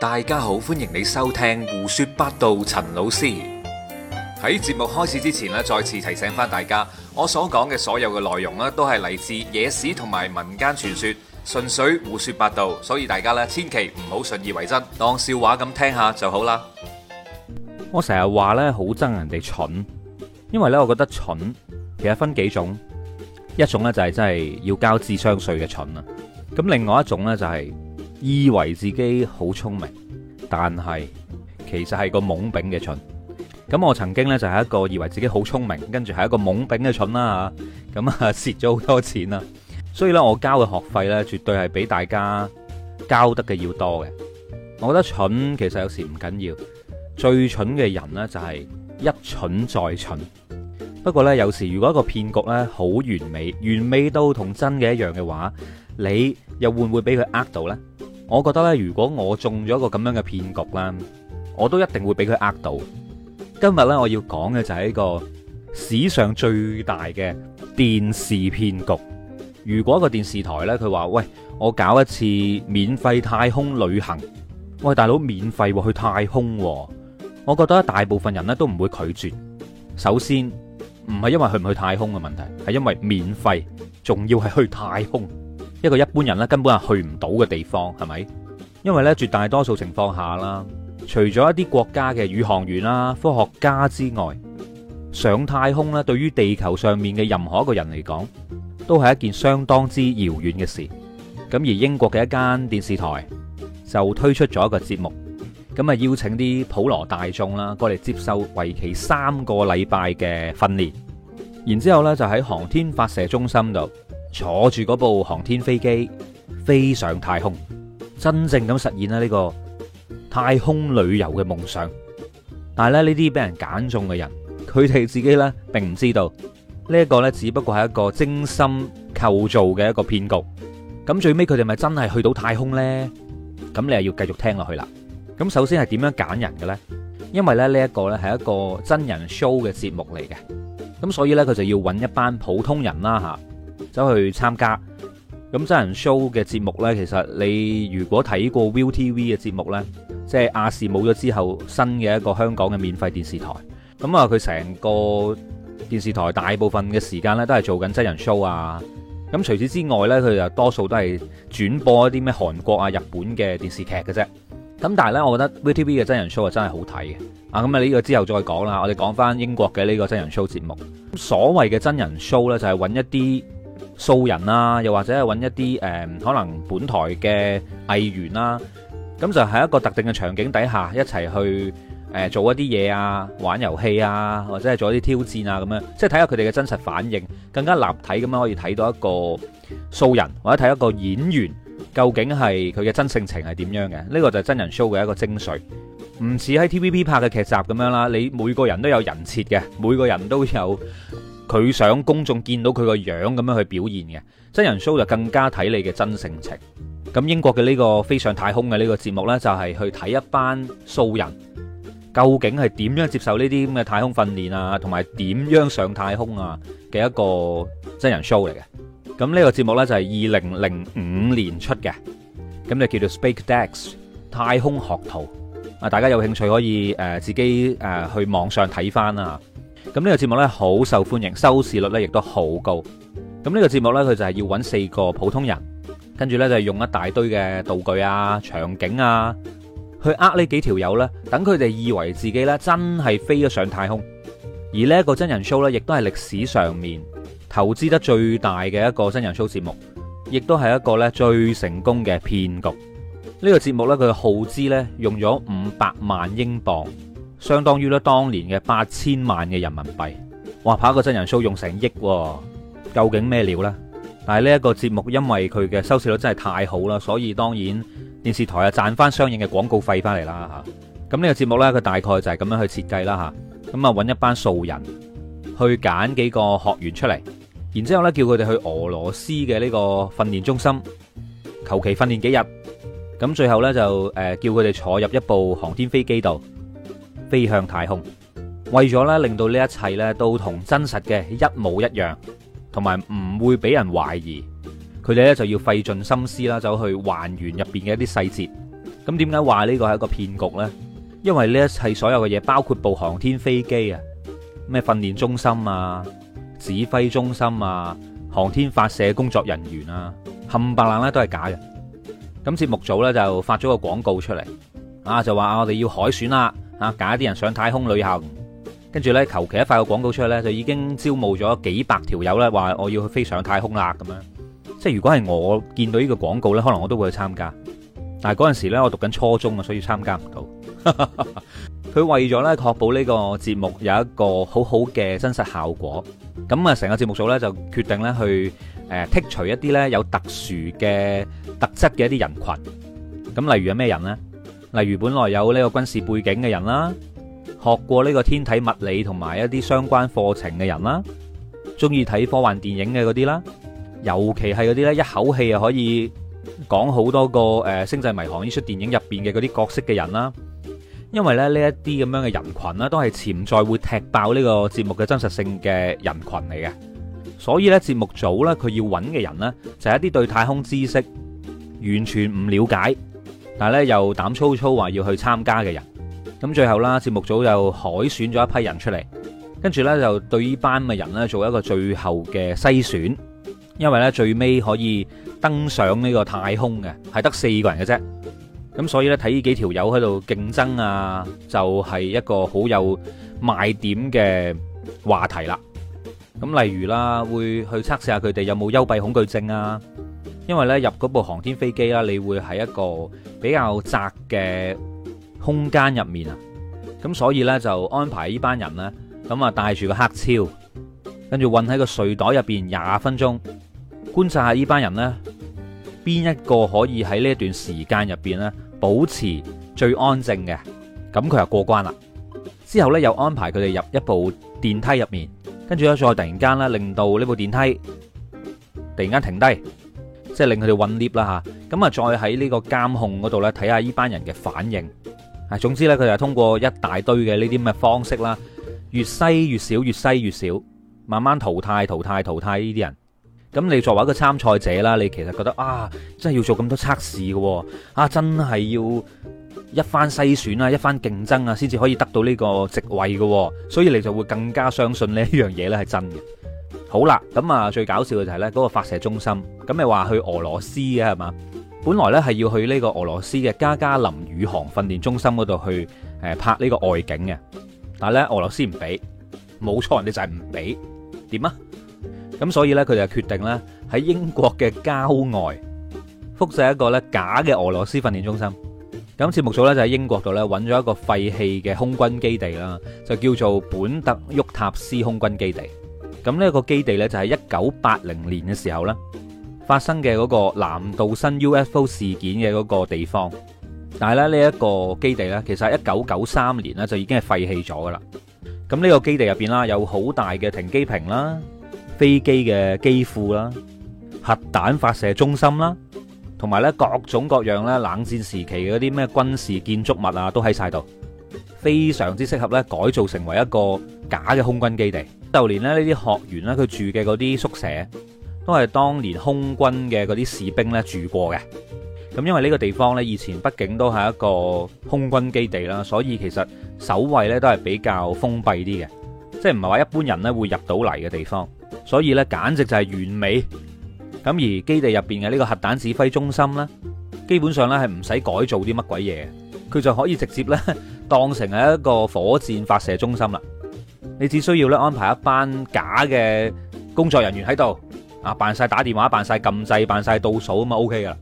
大家好，歡迎你收聽胡說八道。陳老師喺節目開始之前呢，再次提醒翻大家，我所講嘅所有嘅內容呢，都係嚟自野史同埋民間傳說，純粹胡說八道，所以大家呢千祈唔好信以為真，當笑話咁聽下就好啦。我成日話呢，好憎人哋蠢，因為呢，我覺得蠢其實分幾種，一種呢就係真係要交智商稅嘅蠢啊，咁另外一種呢就係、是。以為自己好聰明，但係其實係個懵丙嘅蠢。咁我曾經呢，就係一個以為自己好聰明，跟住係一個懵丙嘅蠢啦吓。咁啊蝕咗好多錢啦，所以呢，我交嘅學費呢，絕對係比大家交得嘅要多嘅。我覺得蠢其實有時唔緊要，最蠢嘅人呢，就係一蠢再蠢。不過呢，有時如果一個騙局呢，好完美，完美到同真嘅一樣嘅話，你又會唔會俾佢呃到呢？我覺得咧，如果我中咗一個咁樣嘅騙局啦，我都一定會俾佢呃到。今日咧，我要講嘅就係一個史上最大嘅電視騙局。如果個電視台呢，佢話：喂，我搞一次免費太空旅行，喂，大佬免費喎，去太空喎，我覺得大部分人呢都唔會拒絕。首先，唔係因為去唔去太空嘅問題，係因為免費，仲要係去太空。一個一般人咧根本係去唔到嘅地方，係咪？因為咧絕大多數情況下啦，除咗一啲國家嘅宇航員啦、科學家之外，上太空啦，對於地球上面嘅任何一個人嚟講，都係一件相當之遙遠嘅事。咁而英國嘅一間電視台就推出咗一個節目，咁啊邀請啲普羅大眾啦，過嚟接受為期三個禮拜嘅訓練，然之後咧就喺航天發射中心度。坐住嗰部航天飛機飛上太空，真正咁實現啦呢個太空旅遊嘅夢想。但係咧，呢啲俾人揀中嘅人，佢哋自己呢，並唔知道、呢個、呢一個只不過係一個精心構造嘅一個騙局。咁最尾佢哋咪真係去到太空呢？咁你又要繼續聽落去啦。咁首先係點樣揀人嘅呢？因為咧呢一、呢個呢，係一個真人 show 嘅節目嚟嘅，咁所以呢，佢就要揾一班普通人啦吓。都去參加咁真人 show 嘅節目呢。其實你如果睇過 ViuTV 嘅節目呢，即係亞視冇咗之後新嘅一個香港嘅免費電視台咁啊，佢成個電視台大部分嘅時間呢都係做緊真人 show 啊。咁除此之外呢，佢就多數都係轉播一啲咩韓國啊、日本嘅電視劇嘅啫。咁但係呢，我覺得 ViuTV 嘅真人 show 啊真係好睇嘅啊。咁啊，呢個之後再講啦。我哋講翻英國嘅呢個真人 show 節目。所謂嘅真人 show 呢，就係、是、揾一啲素人啊，又或者係揾一啲誒，可能本台嘅藝員啦，咁就喺一個特定嘅場景底下一齊去誒做一啲嘢啊，玩遊戲啊，或者係做一啲挑戰啊咁樣，即係睇下佢哋嘅真實反應，更加立體咁樣可以睇到一個素人或者睇一個演員究竟係佢嘅真性情係點樣嘅。呢個就係真人 show 嘅一個精髓，唔似喺 TVB 拍嘅劇集咁樣啦，你每個人都有人設嘅，每個人都有。佢想公眾見到佢個樣咁樣去表現嘅真人 show 就更加睇你嘅真性情。咁英國嘅呢個飛上太空嘅呢個節目呢，就係去睇一班素人究竟係點樣接受呢啲咁嘅太空訓練啊，同埋點樣上太空啊嘅一個真人 show 嚟嘅。咁呢個節目呢，就係二零零五年出嘅，咁就叫做 Space Cadets 太空學徒。啊，大家有興趣可以自己去網上睇返啊。咁呢個節目呢，好受歡迎，收視率呢亦都好高。咁、這、呢個節目呢，佢就係要揾四個普通人，跟住呢就係用一大堆嘅道具啊、場景啊，去呃呢幾條友呢，等佢哋以為自己呢真係飛咗上太空。而呢一個真人 show 呢，亦都係歷史上面投資得最大嘅一個真人 show 節目，亦都係一個呢最成功嘅騙局。呢、這個節目呢，佢耗資呢用咗五百萬英鎊。相當於咧，當年嘅八千萬嘅人民幣，哇！拍一個真人 show 用成億，究竟咩料呢？但係呢一個節目，因為佢嘅收視率真係太好啦，所以當然電視台啊賺翻相應嘅廣告費翻嚟啦嚇。咁、這、呢個節目呢，佢大概就係咁樣去設計啦嚇。咁啊揾一班素人去揀幾個學員出嚟，然之後呢，叫佢哋去俄羅斯嘅呢個訓練中心求其訓練幾日，咁最後呢，就誒叫佢哋坐入一部航天飛機度。飛向太空，為咗咧令到呢一切咧都同真實嘅一模一樣，同埋唔會俾人懷疑，佢哋咧就要費盡心思啦，走去還原入邊嘅一啲細節。咁點解話呢個係一個騙局呢？因為呢一切所有嘅嘢，包括部航天飛機啊、咩訓練中心啊、指揮中心啊、航天發射工作人員啊，冚唪唥咧都係假嘅。咁節目組呢，就發咗個廣告出嚟啊，就話我哋要海選啦。吓，揀一啲人上太空旅行，跟住呢求其一發個廣告出去呢，就已經招募咗幾百條友呢，話我要去飛上太空啦咁樣，即係如果係我見到呢個廣告呢，可能我都會去參加。但係嗰陣時呢，我讀緊初中啊，所以參加唔到。佢 為咗呢確保呢個節目有一個好好嘅真實效果，咁啊成個節目組呢就決定呢去誒、呃、剔除一啲呢有特殊嘅特質嘅一啲人群。咁例如有咩人呢？例如本來有呢個軍事背景嘅人啦，學過呢個天體物理同埋一啲相關課程嘅人啦，中意睇科幻電影嘅嗰啲啦，尤其係嗰啲咧一口氣啊可以講好多個誒、呃《星際迷航》呢出電影入邊嘅嗰啲角色嘅人啦，因為咧呢一啲咁樣嘅人群咧，都係潛在會踢爆呢個節目嘅真實性嘅人群嚟嘅，所以咧節目組呢，佢要揾嘅人呢，就係、是、一啲對太空知識完全唔了解。但係咧又膽粗粗話要去參加嘅人，咁最後啦，節目組就海選咗一批人出嚟，跟住呢就對呢班嘅人呢做一個最後嘅篩選，因為呢，最尾可以登上呢個太空嘅係得四個人嘅啫，咁所以呢，睇呢幾條友喺度競爭啊，就係一個好有賣點嘅話題啦。咁例如啦，會去測試下佢哋有冇幽閉恐懼症啊。因為呢入嗰部航天飛機啦，你會喺一個比較窄嘅空間入面啊，咁所以呢，就安排呢班人呢，咁啊帶住個黑超，跟住混喺個睡袋入邊廿分鐘，觀察下呢班人呢，邊一個可以喺呢一段時間入邊呢，保持最安靜嘅，咁佢就過關啦。之後呢，又安排佢哋入一部電梯入面，跟住咧再突然間啦，令到呢部電梯突然間停低。即係令佢哋搵 lift 啦吓，咁啊再喺呢個監控嗰度咧睇下呢班人嘅反應。啊，總之咧佢就係通過一大堆嘅呢啲咁嘅方式啦，越篩越少，越篩越少，慢慢淘汰淘汰淘汰呢啲人。咁你作為一個參賽者啦，你其實覺得啊，真係要做咁多測試嘅喎，啊真係要一番篩選啊，一番競爭啊，先至可以得到呢個席位嘅喎，所以你就會更加相信呢一樣嘢咧係真嘅。好啦，咁啊最搞笑嘅就係咧嗰個發射中心，咁咪話去俄羅斯嘅係嘛？本來咧係要去呢個俄羅斯嘅加加林宇航訓練中心嗰度去誒拍呢個外景嘅，但係咧俄羅斯唔俾，冇錯，人哋就係唔俾，點啊？咁所以咧佢哋就決定咧喺英國嘅郊外複製一個咧假嘅俄羅斯訓練中心。咁節目組咧就喺英國度咧揾咗一個廢棄嘅空軍基地啦，就叫做本特沃塔斯空軍基地。咁呢一個基地咧就係一九八零年嘅時候咧發生嘅嗰個南道新 UFO 事件嘅嗰個地方，但係咧呢一個基地咧其實係一九九三年咧就已經係廢棄咗噶啦。咁呢個基地入邊啦有好大嘅停機坪啦、飛機嘅機庫啦、核彈發射中心啦，同埋咧各種各樣咧冷戰時期嘅嗰啲咩軍事建築物啊都喺晒度，非常之適合咧改造成為一個假嘅空軍基地。就連咧呢啲學員咧，佢住嘅嗰啲宿舍都係當年空軍嘅嗰啲士兵咧住過嘅。咁因為呢個地方咧以前畢竟都係一個空軍基地啦，所以其實守衛咧都係比較封閉啲嘅，即係唔係話一般人咧會入到嚟嘅地方。所以咧簡直就係完美。咁而基地入邊嘅呢個核彈指揮中心呢，基本上咧係唔使改造啲乜鬼嘢，佢就可以直接咧當成係一個火箭發射中心啦。你只需要咧安排一班假嘅工作人員喺度啊，扮晒打電話，扮晒撳掣，扮晒倒數咁啊 OK 噶啦。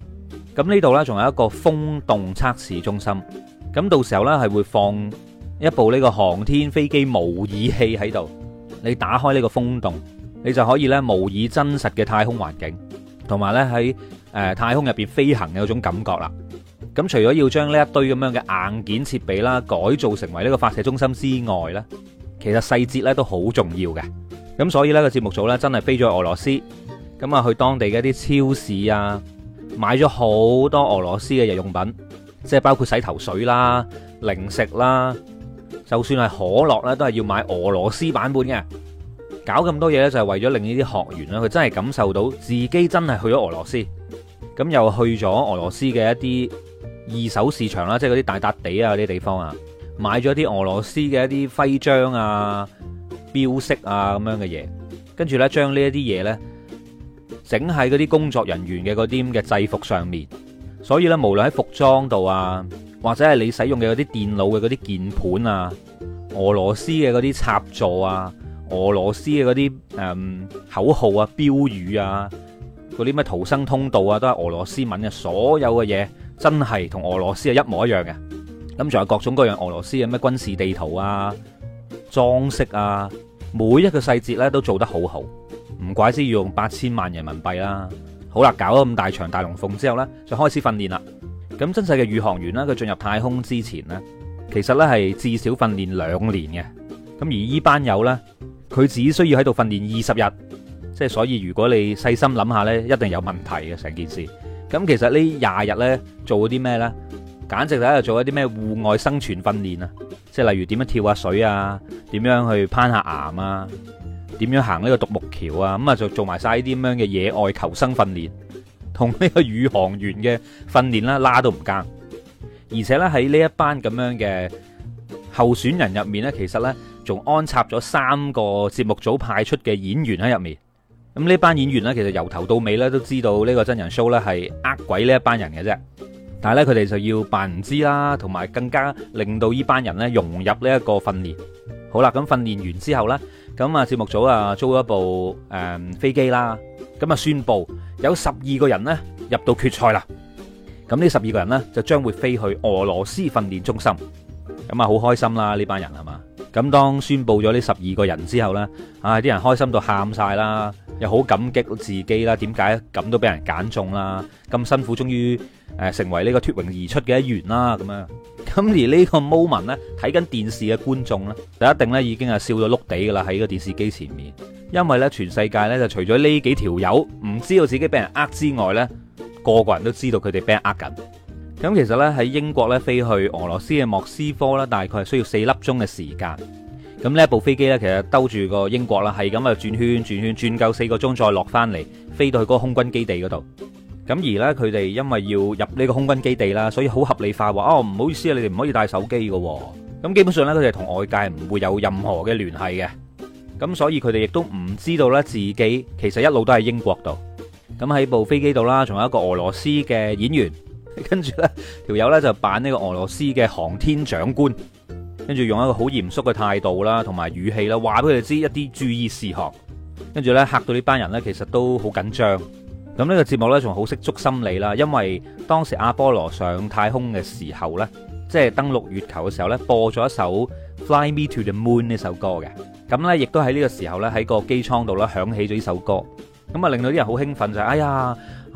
咁呢度呢，仲有一個風洞測試中心。咁到時候呢，係會放一部呢個航天飛機模擬器喺度，你打開呢個風洞，你就可以呢模擬真實嘅太空環境，同埋呢喺誒太空入邊飛行嘅嗰種感覺啦。咁除咗要將呢一堆咁樣嘅硬件設備啦改造成為呢個發射中心之外呢。其實細節咧都好重要嘅，咁所以呢個節目組咧真係飛咗去俄羅斯，咁啊去當地嘅一啲超市啊，買咗好多俄羅斯嘅日用品，即係包括洗頭水啦、零食啦，就算係可樂呢都係要買俄羅斯版本嘅。搞咁多嘢呢，就係為咗令呢啲學員咧佢真係感受到自己真係去咗俄羅斯，咁又去咗俄羅斯嘅一啲二手市場啦，即係嗰啲大笪地啊，嗰啲地方啊。買咗啲俄羅斯嘅一啲徽章啊、標識啊咁樣嘅嘢，跟住呢將呢一啲嘢呢整喺嗰啲工作人員嘅嗰啲嘅制服上面。所以呢，無論喺服裝度啊，或者係你使用嘅嗰啲電腦嘅嗰啲鍵盤啊、俄羅斯嘅嗰啲插座啊、俄羅斯嘅嗰啲誒口號啊、標語啊、嗰啲咩逃生通道啊，都係俄羅斯文嘅，所有嘅嘢真係同俄羅斯係一模一樣嘅。咁仲有各種各樣俄羅斯嘅咩軍事地圖啊、裝飾啊，每一個細節咧都做得好好，唔怪之要用八千萬人民幣啦。好啦，搞咗咁大場大龍鳳之後呢，就開始訓練啦。咁真實嘅宇航員呢，佢進入太空之前呢，其實呢係至少訓練兩年嘅。咁而依班友呢，佢只需要喺度訓練二十日，即係所以如果你細心諗下呢，一定有問題嘅成件事。咁其實呢廿日呢，做咗啲咩呢？簡直就喺度做一啲咩戶外生存訓練啊！即係例如點樣跳下水啊，點樣去攀下岩啊，點樣行呢個獨木橋啊！咁啊，就做埋晒啲咁樣嘅野外求生訓練，同呢個宇航員嘅訓練啦，拉都唔加。而且咧喺呢一班咁樣嘅候選人入面呢，其實呢，仲安插咗三個節目組派出嘅演員喺入面。咁呢班演員呢，其實由頭到尾呢，都知道呢個真人 show 呢，係呃鬼呢一班人嘅啫。但係咧，佢哋就要扮唔知啦，同埋更加令到呢班人呢融入呢一個訓練。好啦，咁訓練完之後呢，咁啊節目組啊租咗部誒、嗯、飛機啦，咁啊宣布有十二個人呢入到決賽啦。咁呢十二個人呢，就將會飛去俄羅斯訓練中心。咁啊好開心啦，呢班人係嘛。咁當宣布咗呢十二個人之後呢，唉、哎、啲人開心到喊晒啦。又好感激自己啦，點解咁都俾人揀中啦？咁辛苦，終於誒成為呢個脫穎而出嘅一員啦，咁樣，咁而呢個 moment 呢，睇緊電視嘅觀眾呢，就一定呢已經係笑到碌地㗎啦，喺個電視機前面。因為呢，全世界呢，就除咗呢幾條友唔知道自己俾人呃之外呢，個個人都知道佢哋俾人呃緊。咁其實呢，喺英國呢，飛去俄羅斯嘅莫斯科呢，大概係需要四粒鐘嘅時間。咁呢部飛機呢，其實兜住個英國啦，係咁啊轉圈轉圈，轉夠四個鐘，再落翻嚟飛到去嗰個空軍基地嗰度。咁而呢，佢哋因為要入呢個空軍基地啦，所以好合理化話：哦，唔好意思啊，你哋唔可以帶手機㗎喎。咁基本上呢，佢哋同外界唔會有任何嘅聯繫嘅。咁所以佢哋亦都唔知道呢，自己其實一路都喺英國度。咁喺部飛機度啦，仲有一個俄羅斯嘅演員，跟住呢條友呢，就扮呢個俄羅斯嘅航天長官。跟住用一個好嚴肅嘅態度啦，同埋語氣啦，話俾佢哋知一啲注意事項，跟住呢，嚇到呢班人呢，其實都好緊張。咁呢個節目呢，仲好識捉心理啦，因為當時阿波羅上太空嘅時候呢，即係登陸月球嘅時候呢，播咗一首 Fly Me to the Moon 呢首歌嘅，咁呢，亦都喺呢個時候呢，喺個機艙度呢，響起咗呢首歌，咁啊令到啲人好興奮就係，哎呀！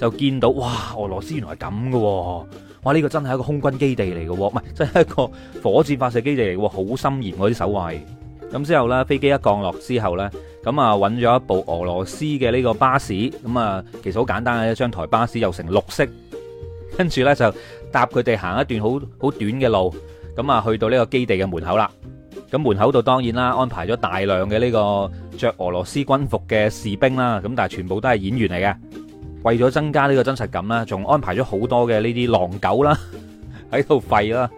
就見到哇，俄羅斯原來係咁嘅喎！哇，呢個真係一個空軍基地嚟嘅喎，唔係真係一個火箭發射基地嚟嘅喎，好深嚴嗰啲守衞。咁之後呢，飛機一降落之後呢，咁啊揾咗一部俄羅斯嘅呢個巴士，咁啊其實好簡單嘅一張台巴士，又成綠色，跟住呢，就搭佢哋行一段好好短嘅路，咁啊去到呢個基地嘅門口啦。咁門口度當然啦，安排咗大量嘅呢個著俄羅斯軍服嘅士兵啦，咁但係全部都係演員嚟嘅。為咗增加呢個真實感，仲安排咗好多嘅呢啲狼狗啦，喺度吠啦，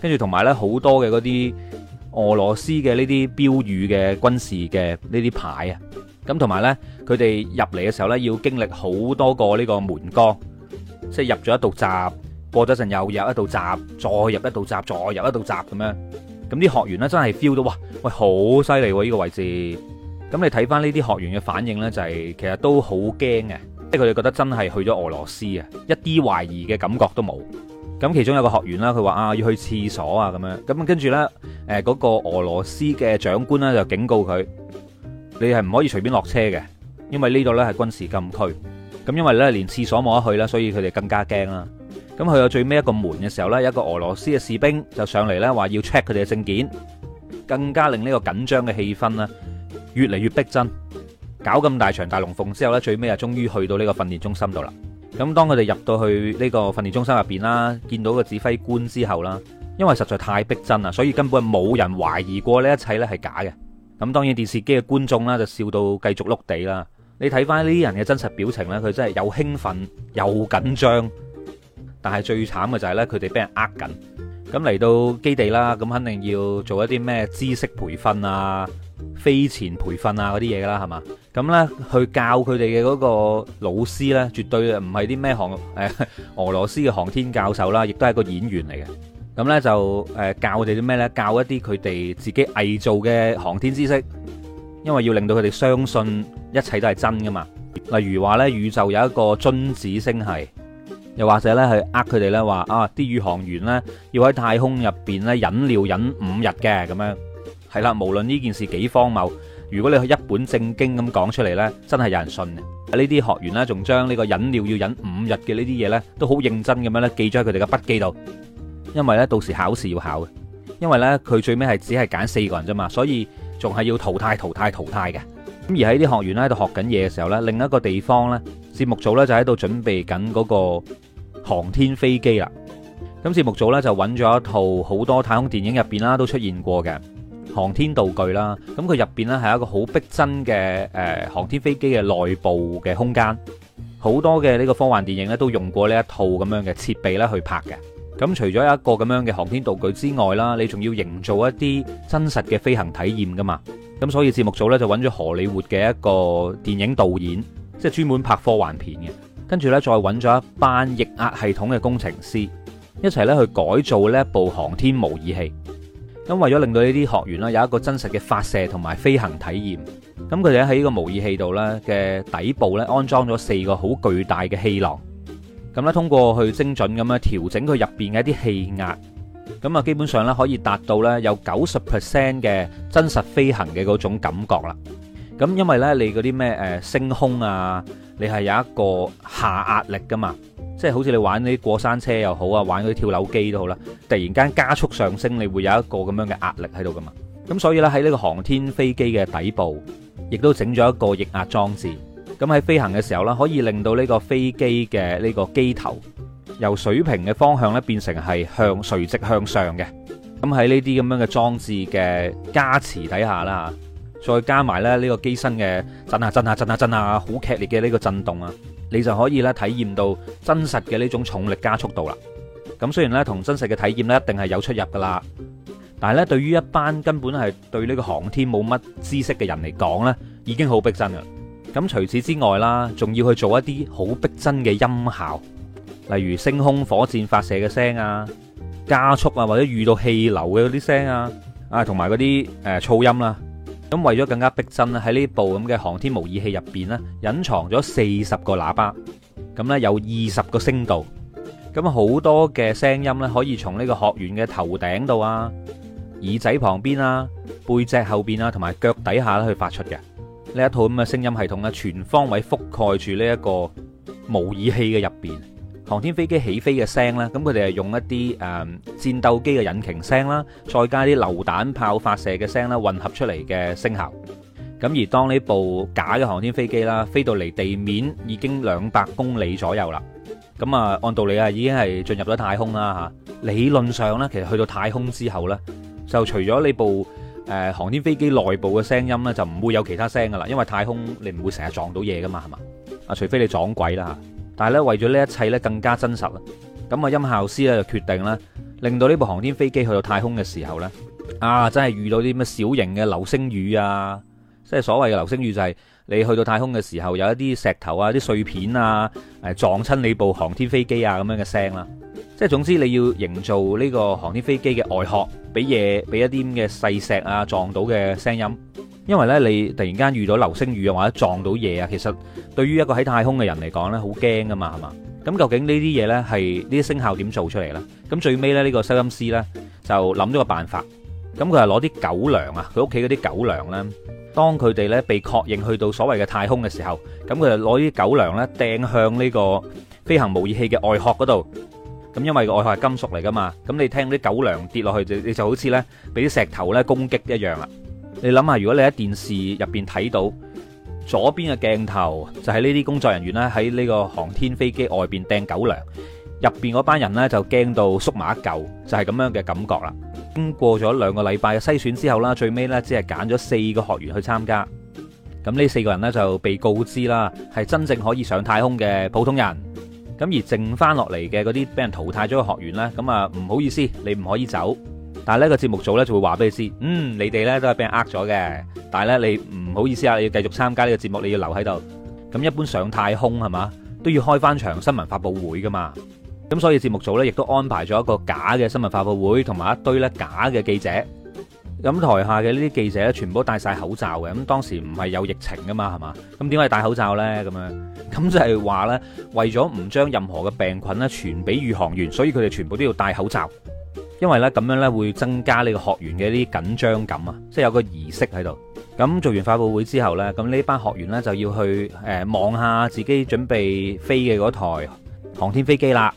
跟住同埋咧好多嘅嗰啲俄羅斯嘅呢啲標語嘅軍事嘅呢啲牌啊，咁同埋咧佢哋入嚟嘅時候咧，要經歷好多個呢個門崗，即係入咗一度閘，過咗陣又入一度閘，再入一度閘，再入一度閘咁樣，咁啲學員咧真係 feel 到哇，喂好犀利喎呢個位置，咁你睇翻呢啲學員嘅反應咧，就係，就係其實都好驚嘅。即係佢哋覺得真係去咗俄羅斯啊，一啲懷疑嘅感覺都冇。咁其中有個學員啦，佢話啊要去廁所啊咁樣。咁跟住呢，誒、那、嗰個俄羅斯嘅長官咧就警告佢：你係唔可以隨便落車嘅，因為呢度呢係軍事禁區。咁因為呢連廁所冇得去啦，所以佢哋更加驚啦。咁去到最尾一個門嘅時候呢，一個俄羅斯嘅士兵就上嚟呢話要 check 佢哋嘅證件，更加令呢個緊張嘅氣氛呢越嚟越逼真。搞咁大場大龍鳳之後呢，最尾啊，終於去到呢個訓練中心度啦。咁當佢哋入到去呢個訓練中心入邊啦，見到個指揮官之後啦，因為實在太逼真啦，所以根本冇人懷疑過呢一切呢係假嘅。咁當然電視機嘅觀眾啦，就笑到繼續碌地啦。你睇翻呢啲人嘅真實表情呢，佢真係又興奮又緊張，但係最慘嘅就係呢，佢哋俾人呃緊。咁嚟到基地啦，咁肯定要做一啲咩知識培訓啊。飛前培訓啊嗰啲嘢噶啦，係嘛？咁呢，去教佢哋嘅嗰個老師呢，絕對唔係啲咩航誒俄羅斯嘅航天教授啦，亦都係個演員嚟嘅。咁呢，就誒教佢哋啲咩呢？教一啲佢哋自己偽造嘅航天知識，因為要令到佢哋相信一切都係真噶嘛。例如話呢，宇宙有一個君子星係，又或者呢，去呃佢哋呢話啊啲宇航員呢，要喺太空入邊呢忍尿忍五日嘅咁樣。係啦，無論呢件事幾荒謬，如果你去一本正經咁講出嚟呢，真係有人信嘅。呢啲學員呢，仲將呢個飲尿要飲五日嘅呢啲嘢呢，都好認真咁樣記咗喺佢哋嘅筆記度，因為呢，到時考試要考嘅。因為呢，佢最尾係只係揀四個人啫嘛，所以仲係要淘汰淘汰淘汰嘅。咁而喺啲學員呢喺度學緊嘢嘅時候呢，另一個地方呢，節目組呢，就喺度準備緊嗰個航天飛機啦。咁節目組呢，就揾咗一套好多太空電影入面啦都出現過嘅。航天道具啦，咁佢入邊呢係一個好逼真嘅，誒、呃，航天飛機嘅內部嘅空間，好多嘅呢個科幻電影咧都用過呢一套咁樣嘅設備咧去拍嘅。咁除咗有一個咁樣嘅航天道具之外啦，你仲要營造一啲真實嘅飛行體驗噶嘛？咁所以節目組呢，就揾咗荷里活嘅一個電影導演，即係專門拍科幻片嘅，跟住呢，再揾咗一班液壓系統嘅工程師，一齊呢去改造呢一部航天模擬器。咁為咗令到呢啲學員呢有一個真實嘅發射同埋飛行體驗，咁佢哋喺呢個模擬器度呢嘅底部呢，安裝咗四個好巨大嘅氣囊，咁呢，通過去精準咁樣調整佢入邊嘅一啲氣壓，咁啊基本上呢，可以達到呢有九十 percent 嘅真實飛行嘅嗰種感覺啦。咁因為呢，你嗰啲咩誒升空啊，你係有一個下壓力噶嘛。即係好似你玩啲過山車又好啊，玩嗰啲跳樓機都好啦，突然間加速上升，你會有一個咁樣嘅壓力喺度噶嘛？咁所以咧喺呢個航天飛機嘅底部，亦都整咗一個液壓裝置。咁喺飛行嘅時候呢，可以令到呢個飛機嘅呢個機頭由水平嘅方向呢，變成係向垂直向上嘅。咁喺呢啲咁樣嘅裝置嘅加持底下啦，再加埋咧呢個機身嘅震下震下震下震啊，好劇烈嘅呢個震動啊！你就可以咧體驗到真實嘅呢種重力加速度啦。咁雖然咧同真實嘅體驗咧一定係有出入噶啦，但係咧對於一班根本係對呢個航天冇乜知識嘅人嚟講咧，已經好逼真啦。咁除此之外啦，仲要去做一啲好逼真嘅音效，例如升空火箭發射嘅聲啊、加速啊，或者遇到氣流嘅嗰啲聲啊，啊同埋嗰啲誒噪音啦。咁為咗更加逼真咧，喺呢部咁嘅航天模擬器入邊咧，隱藏咗四十個喇叭，咁咧有二十個聲道，咁好多嘅聲音咧，可以從呢個學員嘅頭頂度啊、耳仔旁邊啊、背脊後邊啊、同埋腳底下咧去發出嘅。呢一套咁嘅聲音系統咧，全方位覆蓋住呢一個模擬器嘅入邊。航天飛機起飛嘅聲咧，咁佢哋係用一啲誒、嗯、戰鬥機嘅引擎聲啦，再加啲榴彈炮發射嘅聲啦，混合出嚟嘅聲效。咁而當呢部假嘅航天飛機啦，飛到離地面已經兩百公里左右啦。咁啊，按道理啊，已經係進入咗太空啦嚇。理論上呢，其實去到太空之後呢，就除咗呢部誒航天飛機內部嘅聲音呢，就唔會有其他聲噶啦，因為太空你唔會成日撞到嘢噶嘛，係嘛？啊，除非你撞鬼啦。但係咧，為咗呢一切咧更加真實啦，咁啊音效師咧就決定啦令到呢部航天飛機去到太空嘅時候咧，啊真係遇到啲乜小型嘅流星雨啊，即係所謂嘅流星雨就係、是、你去到太空嘅時候有一啲石頭啊、啲碎片啊，誒撞親你部航天飛機啊咁樣嘅聲啦，即係總之你要營造呢個航天飛機嘅外殼俾嘢俾一啲嘅細石啊撞到嘅聲音。因為咧，你突然間遇到流星雨啊，或者撞到嘢啊，其實對於一個喺太空嘅人嚟講咧，好驚噶嘛，係嘛？咁究竟呢啲嘢咧，係呢啲聲效點做出嚟咧？咁最尾咧，呢個收音師咧就諗咗個辦法，咁佢係攞啲狗糧啊，佢屋企嗰啲狗糧咧，當佢哋咧被確認去到所謂嘅太空嘅時候，咁佢就攞啲狗糧咧掟向呢個飛行模擬器嘅外殼嗰度，咁因為個外殼係金屬嚟噶嘛，咁你聽啲狗糧跌落去就你就好似咧俾啲石頭咧攻擊一樣啦！你諗下，如果你喺電視入邊睇到左邊嘅鏡頭，就係呢啲工作人員咧喺呢個航天飛機外邊掟狗糧，入邊嗰班人呢，就驚到縮埋一嚿，就係咁樣嘅感覺啦。經過咗兩個禮拜嘅篩選之後啦，最尾呢，只係揀咗四個學員去參加。咁呢四個人呢，就被告知啦，係真正可以上太空嘅普通人。咁而剩翻落嚟嘅嗰啲俾人淘汰咗嘅學員呢，咁啊唔好意思，你唔可以走。但係呢個節目組呢，就會話俾你知，嗯，你哋呢都係俾人呃咗嘅。但係呢，你唔好意思啊，你要繼續參加呢個節目，你要留喺度。咁一般上太空係嘛都要開翻場新聞發布會噶嘛。咁所以節目組呢，亦都安排咗一個假嘅新聞發布會，同埋一堆呢假嘅記者。咁台下嘅呢啲記者呢，全部都戴晒口罩嘅。咁當時唔係有疫情噶嘛係嘛？咁點解戴口罩呢？咁樣咁即係話呢，為咗唔將任何嘅病菌呢傳俾宇航員，所以佢哋全部都要戴口罩。因為咧，咁樣咧，會增加呢個學員嘅呢一啲緊張感啊，即係有個儀式喺度。咁做完發佈會之後呢，咁呢班學員呢就要去誒望下自己準備飛嘅嗰台航天飛機啦。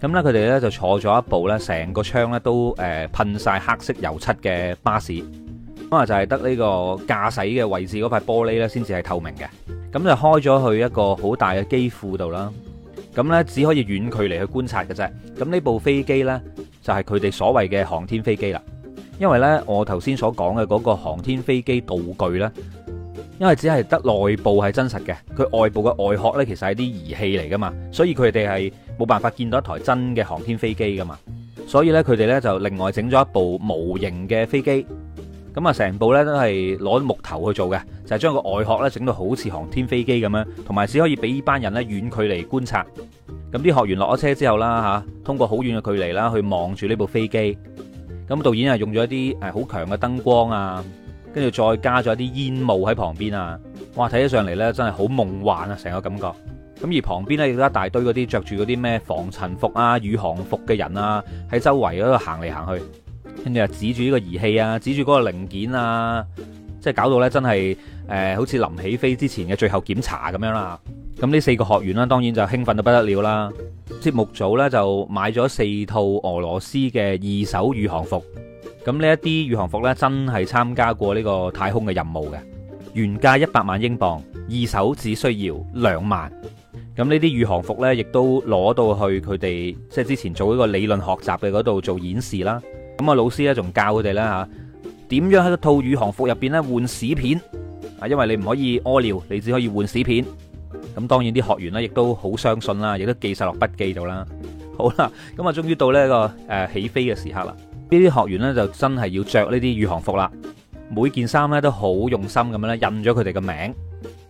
咁呢，佢哋呢就坐咗一部呢成個窗，呢都誒噴晒，黑色油漆嘅巴士，咁啊就係得呢個駕駛嘅位置嗰塊玻璃呢先至係透明嘅。咁就開咗去一個好大嘅機庫度啦。咁呢，只可以遠距離去觀察嘅啫。咁呢部飛機呢。就係佢哋所謂嘅航天飛機啦，因為呢，我頭先所講嘅嗰個航天飛機道具呢，因為只係得內部係真實嘅，佢外部嘅外殼呢，其實係啲儀器嚟噶嘛，所以佢哋係冇辦法見到一台真嘅航天飛機噶嘛，所以呢，佢哋呢就另外了整咗一部模型嘅飛機，咁啊，成部呢都係攞木頭去做嘅，就係將個外殼呢整到好似航天飛機咁樣，同埋只可以俾呢班人呢遠距離觀察。咁啲學員落咗車之後啦，吓，通過好遠嘅距離啦，去望住呢部飛機。咁導演啊，用咗一啲誒好強嘅燈光啊，跟住再加咗一啲煙霧喺旁邊啊，哇！睇起上嚟呢，真係好夢幻啊，成個感覺。咁而旁邊呢，亦都一大堆嗰啲着住嗰啲咩防塵服啊、宇航服嘅人啊，喺周圍嗰度行嚟行去，跟住啊指住呢個儀器啊，指住嗰個零件啊。即係搞到咧，真係誒，好似臨起飛之前嘅最後檢查咁樣啦。咁呢四個學員啦，當然就興奮到不得了啦。節目組呢，就買咗四套俄羅斯嘅二手宇航服。咁呢一啲宇航服呢，真係參加過呢個太空嘅任務嘅，原價一百萬英鎊，二手只需要兩萬。咁呢啲宇航服呢，亦都攞到去佢哋即係之前做一個理論學習嘅嗰度做演示啦。咁啊老師呢，仲教佢哋啦吓點樣喺套宇航服入邊咧換屎片啊？因為你唔可以屙尿，你只可以換屎片。咁當然啲學員呢亦都好相信啦，亦都記晒落筆記度啦。好啦，咁啊終於到呢個誒起飛嘅時刻啦。呢啲學員呢就真係要着呢啲宇航服啦。每件衫呢都好用心咁樣咧印咗佢哋嘅名。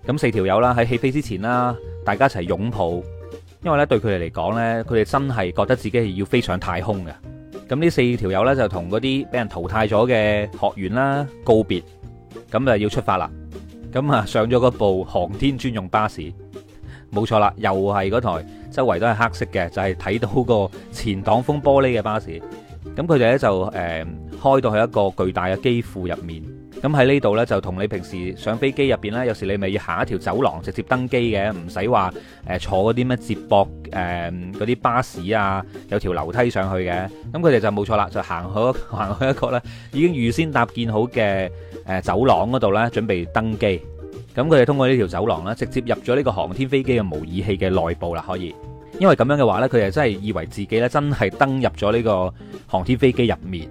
咁四條友啦，喺起飛之前啦，大家一齊擁抱，因為呢對佢哋嚟講呢，佢哋真係覺得自己係要飛上太空嘅。咁呢四條友呢，就同嗰啲俾人淘汰咗嘅學員啦告別，咁就要出發啦，咁啊上咗嗰部航天專用巴士，冇錯啦，又係嗰台周圍都係黑色嘅，就係、是、睇到個前擋風玻璃嘅巴士，咁佢哋呢，就、嗯、誒開到去一個巨大嘅機庫入面。咁喺呢度呢，就同你平時上飛機入邊呢，有時你咪要行一條走廊直接登機嘅，唔使話誒坐嗰啲咩接駁誒嗰啲巴士啊，有條樓梯上去嘅。咁佢哋就冇錯啦，就行去行去一個呢已經預先搭建好嘅誒走廊嗰度呢，準備登機。咁佢哋通過呢條走廊呢，直接入咗呢個航天飛機嘅模擬器嘅內部啦。可以，因為咁樣嘅話呢，佢哋真係以為自己呢，真係登入咗呢個航天飛機入面，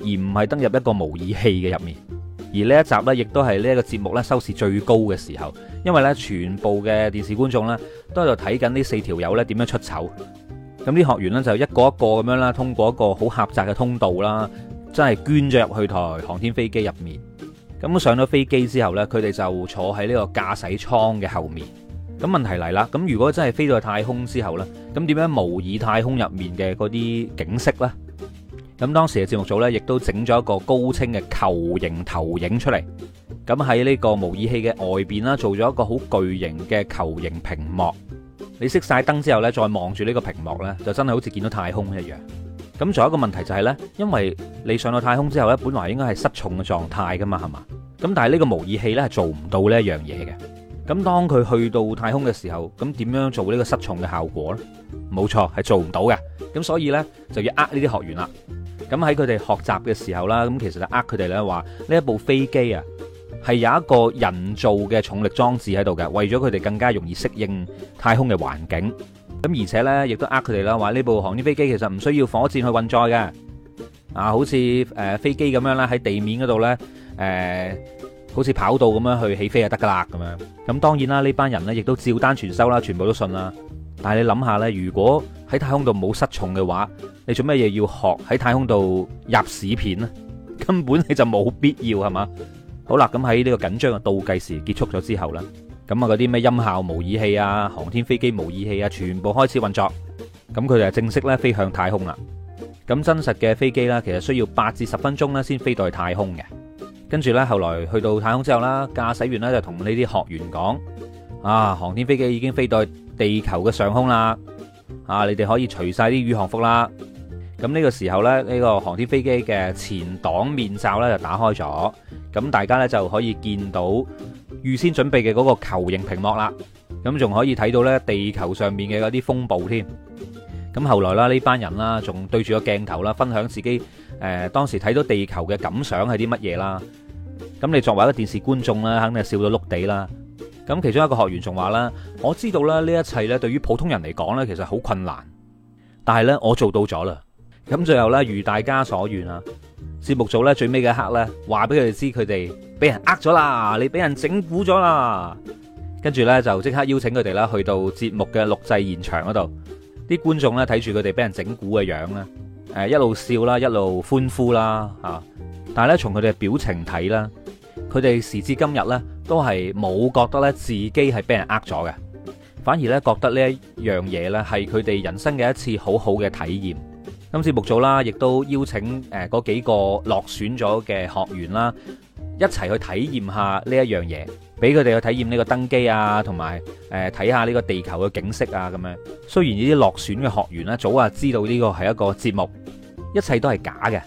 而唔係登入一個模擬器嘅入面。而呢一集呢，亦都係呢個節目呢，收視最高嘅時候，因為呢全部嘅電視觀眾呢，都喺度睇緊呢四條友呢點樣出醜。咁啲學員呢，就一個一個咁樣啦，通過一個好狹窄嘅通道啦，真係捐咗入去台航天飛機入面。咁上咗飛機之後呢，佢哋就坐喺呢個駕駛艙嘅後面。咁問題嚟啦，咁如果真係飛到太空之後呢，咁點樣模擬太空入面嘅嗰啲景色呢？咁當時嘅節目組咧，亦都整咗一個高清嘅球形投影出嚟。咁喺呢個模擬器嘅外面啦，做咗一個好巨型嘅球形屏幕。你熄晒燈之後呢，再望住呢個屏幕呢，就真係好似見到太空一樣。咁仲有一個問題就係呢，因為你上到太空之後咧，本來應該係失重嘅狀態噶嘛，係嘛？咁但係呢個模擬器呢係做唔到呢一樣嘢嘅。咁當佢去到太空嘅時候，咁點樣做呢個失重嘅效果咧？冇錯，係做唔到嘅。咁所以呢，就要呃呢啲學員啦。咁喺佢哋學習嘅時候啦，咁其實就呃佢哋咧話呢一部飛機啊，係有一個人造嘅重力裝置喺度嘅，為咗佢哋更加容易適應太空嘅環境。咁而且咧，亦都呃佢哋啦話呢部航天飛機其實唔需要火箭去運載嘅，啊，好似誒飛機咁樣啦喺地面嗰度咧，誒好似跑道咁樣去起飛就得噶啦咁樣。咁當然啦，呢班人咧亦都照單全收啦，全部都信啦。但係你諗下咧，如果喺太空度冇失重嘅話，你做咩嘢要學喺太空度入屎片呢？根本你就冇必要係嘛？好啦，咁喺呢個緊張嘅倒計時結束咗之後啦，咁啊嗰啲咩音效模擬器啊、航天飛機模擬器啊，全部開始運作，咁佢哋就正式咧飛向太空啦。咁真實嘅飛機啦，其實需要八至十分鐘咧先飛到去太空嘅。跟住呢，後來去到太空之後啦，駕駛員呢，就同呢啲學員講：啊，航天飛機已經飛到地球嘅上空啦。啊！你哋可以除晒啲宇航服啦。咁呢個時候呢，呢個航天飛機嘅前擋面罩呢就打開咗。咁大家呢就可以見到預先準備嘅嗰個球形屏幕啦。咁仲可以睇到呢，地球上面嘅嗰啲風暴添。咁後來啦，呢班人啦仲對住個鏡頭啦，分享自己誒當時睇到地球嘅感想係啲乜嘢啦。咁你作為一個電視觀眾啦，肯定係笑到碌地啦。咁其中一個學員仲話啦，我知道咧呢一切咧對於普通人嚟講咧其實好困難，但係呢，我做到咗啦。咁最後呢，如大家所願啊，節目組呢，最尾嘅一刻呢，話俾佢哋知佢哋俾人呃咗啦，你俾人整蠱咗啦。跟住呢，就即刻邀請佢哋啦去到節目嘅錄製現場嗰度，啲觀眾呢，睇住佢哋俾人整蠱嘅樣啦，誒，一路笑啦，一路歡呼啦，吓，但係呢，從佢哋嘅表情睇啦佢哋時至今日咧，都係冇覺得咧自己係俾人呃咗嘅，反而咧覺得呢一樣嘢咧係佢哋人生嘅一次好好嘅體驗。今次目組啦，亦都邀請誒嗰幾個落選咗嘅學員啦，一齊去體驗下呢一樣嘢，俾佢哋去體驗呢個登機啊，同埋誒睇下呢個地球嘅景色啊咁樣。雖然呢啲落選嘅學員咧早啊知道呢個係一個節目，一切都係假嘅。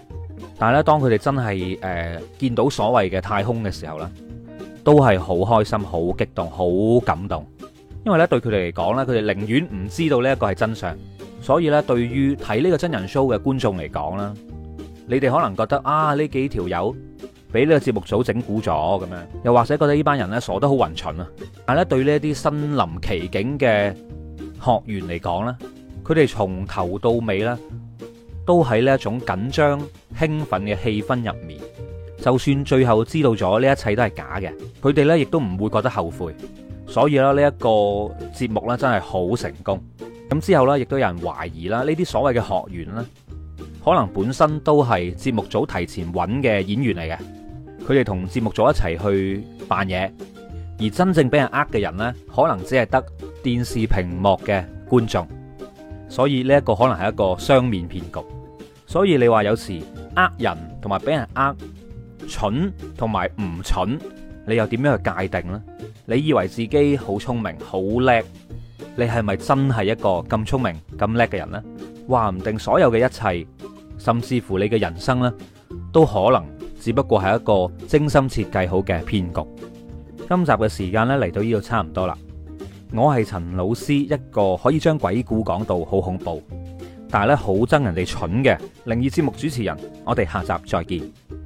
但係咧，當佢哋真係誒見到所謂嘅太空嘅時候咧，都係好開心、好激動、好感動，因為咧對佢哋嚟講咧，佢哋寧願唔知道呢一個係真相，所以咧對於睇呢個真人 show 嘅觀眾嚟講啦，你哋可能覺得啊呢幾條友俾呢個節目組整蠱咗咁樣，又或者覺得呢班人咧傻得好混蠢啊，但係咧對呢一啲身臨其境嘅學員嚟講咧，佢哋從頭到尾咧，都喺呢一種緊張興奮嘅氣氛入面，就算最後知道咗呢一切都係假嘅，佢哋呢亦都唔會覺得後悔。所以啦，呢一個節目呢真係好成功。咁之後呢，亦都有人懷疑啦，呢啲所謂嘅學員呢，可能本身都係節目組提前揾嘅演員嚟嘅，佢哋同節目組一齊去扮嘢，而真正俾人呃嘅人呢，可能只係得電視屏幕嘅觀眾。所以呢一個可能係一個雙面騙局，所以你話有時呃人同埋俾人呃，蠢同埋唔蠢，你又點樣去界定呢？你以為自己好聰明好叻，你係咪真係一個咁聰明咁叻嘅人呢？話唔定所有嘅一切，甚至乎你嘅人生呢，都可能只不過係一個精心設計好嘅騙局。今集嘅時間呢，嚟到呢度差唔多啦。我係陳老師，一個可以將鬼故講到好恐怖，但係咧好憎人哋蠢嘅靈異節目主持人。我哋下集再見。